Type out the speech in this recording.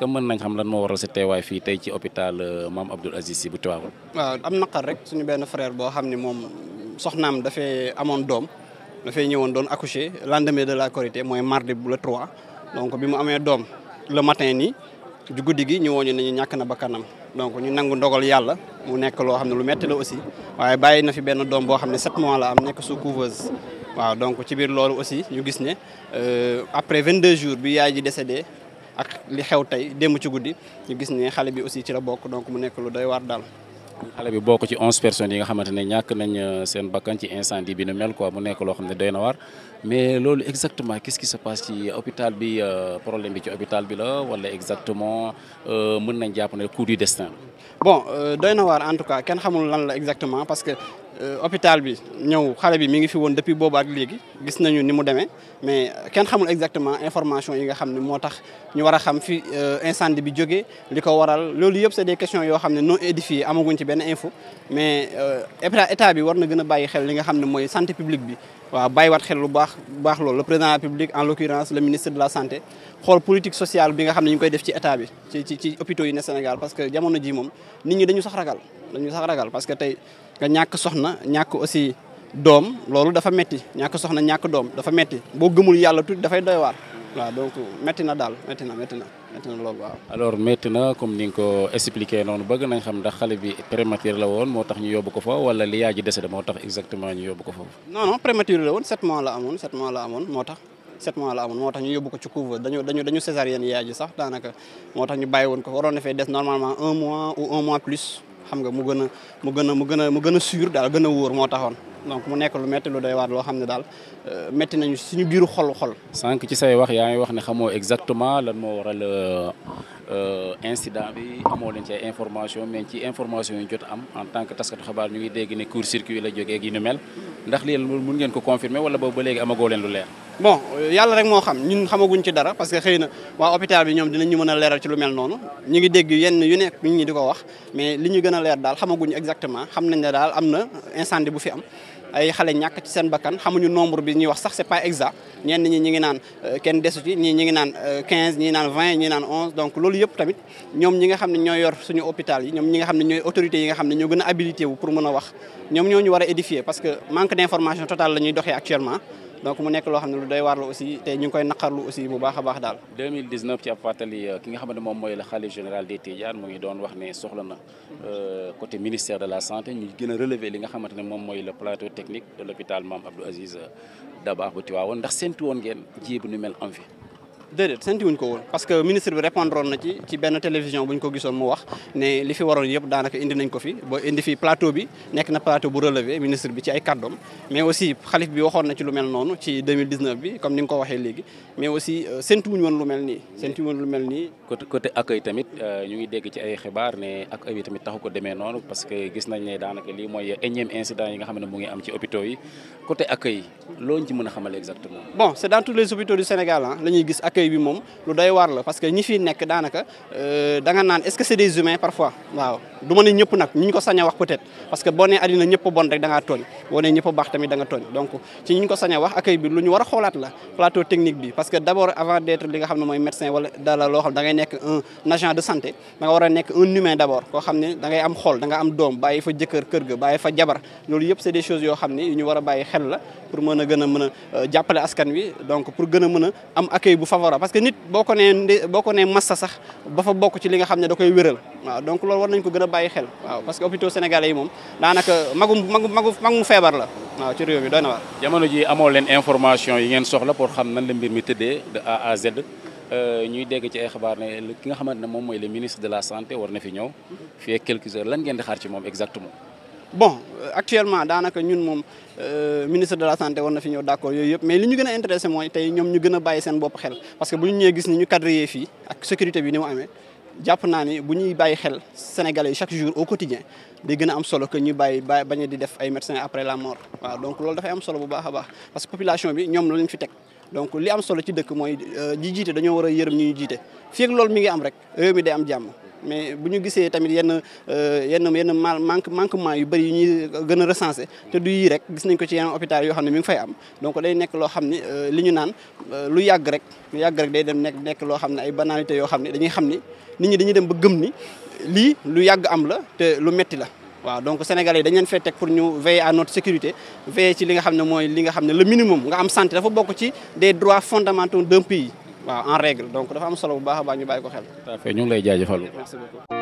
que mën nañ xam lan moo waral sa teewaay fii tey ci hôpital euh, maam Abdoul Aziz Sy bu Tivaouane. waaw am naqar rek suñu benn frère boo xam ne moom soxnaam dafay amoon doom dafay ñëwoon doon accoucher lendemain de la Korité mooy mardi bu le trois donc bi mu amee doom la matin nii ju guddi gi ñu wooñu nañu ñàkk na bakkanam donc ñu nangu ndogal yàlla mu nekk loo xam ne lu metti la aussi waaye bàyyi na fi benn doom boo xam ne 7 mois la am nekk sous couveuse waaw donc ci biir loolu aussi ñu gis ne euh, après 22 jours bi yaay ji décédé ak li xew tey démb ci guddi ñu gis ne xale bi aussi ci la bokk donc mu nekk lu doy waar daal. xale bi bokk ci onze personnes yi nga xamante ne ñàkk nañ euh, seen bakkan ci incendie bi nu mel quoi mu nekk loo xam ne doy na waar mais loolu exactement qu'est-ce qui se passe ci hôpital bi euh, problème bi ci hôpital bi la wala exactement euh, mën nañ jàpp coup du destin. bon doy na waar en tout cas kenn xamul lan la exactement parce que Euh, hôpital bi ñëw xale bi mu ngi fi woon depuis boobu ak léegi gis nañu ni mu demee mais kenn xamul exactement information yi nga xam ne moo tax ñu war a xam fi euh, incendie bi jóge li ko waral loolu yëpp c'est des questions yoo xam ne non édifiées amaguñ ci benn info mais euh, état bi war na gën a bàyyi xel li nga xam ne mooy santé publique bi waaw wat xel lu baax lu baax loolu le président de la République en l'occurrence le ministre de la santé xool politique sociale bi nga xam ne ñu koy def ci état bi ci ci ci hôpitaux yi ne Sénégal parce que jamono ji moom nit ñi dañu sax ragal dañu sax ragal parce que tey nga ñàkk soxna ñàkk aussi doom loolu dafa metti ñàkk soxna ñàkk doom dafa metti boo gëmul yàlla tuuti dafay doy waaw donc métti na daal métti na métti na métti na waaw. alors métti na comme ni nga ko expliqué noonu bëgg nañ xam ndax xale bi prématuré la woon moo tax ñu yóbbu ko fa wala li yaa ji moo tax exactement ñu yóbbu ko foofu. non non prématuré la woon 7 mois la amoon moo tax. sept mois la amoon ñu yóbbu ko ci couvre dañu dañu dañu césarienne yaay ji sax daanaka moo tax ñu bàyyi woon ko waroon na fee des normalement un mois ou un mois plus xam nga mu gën a mu gën a mu gën a mu gën a sûr daal gën a wóor moo taxoon donc mu nekk lu metti lu day waar loo xam ne daal euh, metti nañu suñu biir xol xol. sànq ci say wax yaa ngi wax ne xamoo exactement lan moo waral euh, euh, incident bi amoo leen ci ay information mais ci information yi jot am en tant que taskatu xabaar ñu ngi dégg ne court circuit la jógee ak yu mel ndax li mun ngeen ko confirmer wala boobu ba léegi amagoo leen lu leer. bon yàlla rek moo xam ñun xamaguñ ci dara parce que xëy na waa hôpital bi ñoom dinañ ñu mën a leeral ci lu mel noonu ñu ngi dégg yenn yu nekk nit ñi di ko wax mais li ñu gën leer daal xamaguñ exactement xam nañ ne daal am na incendie bu fi am ay xale ñàkk ci seen bakkan xamuñu nombre bi ñuy wax sax c'est pas exact ñenn ñi euh, ñi ngi naan kenn euh, desu ci ñi ngi naan 15 ñi naan 20 ñi naan 11 donc loolu yëpp tamit ñoom ñi nga xam ne ñooy yor suñu hôpital yi ñoom ñi nga xam ne ñooy autorités yi nga xam ne ñoo gën a habilité pour mën a wax ñoom ñoo ñu war a édifier parce que manque d'information totale la ñuy doxee actuellement donc mu nekk loo xam ne lu doy waar la aussi te ñu ngi koy naqarlu aussi bu baax a baax daal 2019 ci ab fàttali euh, ki nga xamante moom mooy le xalif général des Tidianes mu ngi doon wax ne soxla na euh, côté ministère de la santé ñu gën relever li nga xamante ne moom mooy le plateau technique de l'hôpital Mame Abdou Aziz Dabakh bu Tivaouane ndax séntu woon ngeen jéebu nu mel am fi déedéet sentiwuñ ko woon parce que ministre bi répondroon na ci ci benn télévision bu ñu ko gisoon mu wax ne li fi waroon yëpp daanaka indi nañ ko fi ba indi fi plateau bi nekk na plateau bu relevé ministre bi ci ay kàddoom mais aussi xalif bi waxoon na ci lu mel noonu ci comme ni ko waxee léegi mais aussi euh, sentiwuñ woon lu mel nii sentiwuñ woon tamit euh, ñu ngi dégg ci ay xibaar ne accueil taxu ko demee noonu parce que gis nañ ne daanaka lii mooy énième incident yi nga xam ne mu ngi am ci hôpitaux yi a xamal exactement bon accueil bi moom lu doy waar la parce que ñi fi nekk daanaka euh, da naan est-ce que c'est des humains parfois waaw du ma ne ñëpp nag ñu ñu ko sañ wax peut-être parce que boo nee àddina ñëpp bon rek da tooñ boo nee ñëpp baax tamit da tooñ donc ci ñu ko sañ wax accueil bi lu ñu war xoolaat la plateau technique bi parce que d'abord avant d'être li nga xam ne mooy médecin wala xam da nekk un agent de santé da nga nekk un humain d'abord koo xam awra parce que nit boo konee nee boo ko nee massa sax ba fa bokk ci li nga xam ne da koy wéral waaw donc lool war nañ ko gën a bàyyi xel waaw parce que hôpitaux sénégalais yi moom daanaka magum magu magu magum feebar la waaw ci réew mi doy na waar ji amoo leen information yi ngeen soxla pour xam nan la mbir mi tëddee de A euh, ñuy dégg ci ay xabaar ne ki nga xamante ne moom mooy le ministre de la santé war na fi ñëw fii quelques heures lan ngeen di xaar ci moom exactement bon euh, actuellement daanaka ñun moom euh, ministre de la santé war na fi ñëw d'accord yooyu yëpp mais li ñu gën a intéressé mooy tey ñoom ñu gën a bàyyi seen bopp xel parce que bu ñu ñëwee gis ni ñu cadré fii ak sécurité bi ni mu amee jàpp naa ni bu ñuy bàyyi xel Sénégalais chaque jour au quotidien day gën a am solo que ñu bàyyi ba bañ a di def ay médecins après la mort waaw donc loolu dafay am solo bu baax a baax parce que population bi ñoom loolu lañ fi teg donc li am solo ci mooy euh, ñi jiite dañoo war a yërëm ñi ñu fii loolu mi ngi am rek réew mi am jàmm mais bu ñu gisee tamit yenn euh, yenn yenn mal manque manquement yu bëri yu ñuy gën a recensé te du yii rek gis nañ ko ci yeneen hôpital yoo xam ne mi ngi fay am donc day nekk loo xam ne euh, li ñu naan euh, lu yàgg rek lu yàgg rek day dem nekk nekk loo xam ne ay banalité yoo xam ne dañuy xam ni nit ñi dañuy dem ba gëm ni lii lu yàgg am la te lu metti la waaw donc sénégalais yi dañ leen fee teg pour ñu veiller à notre sécurité veiller ci li nga xam ne mooy li nga xam ne le minimum nga am santé dafa bokk ci des droits fondamentaux d'un pays waaw en donc dafa solo baax a baax ñu ko xel. tout à fait lay jaajëfal. merci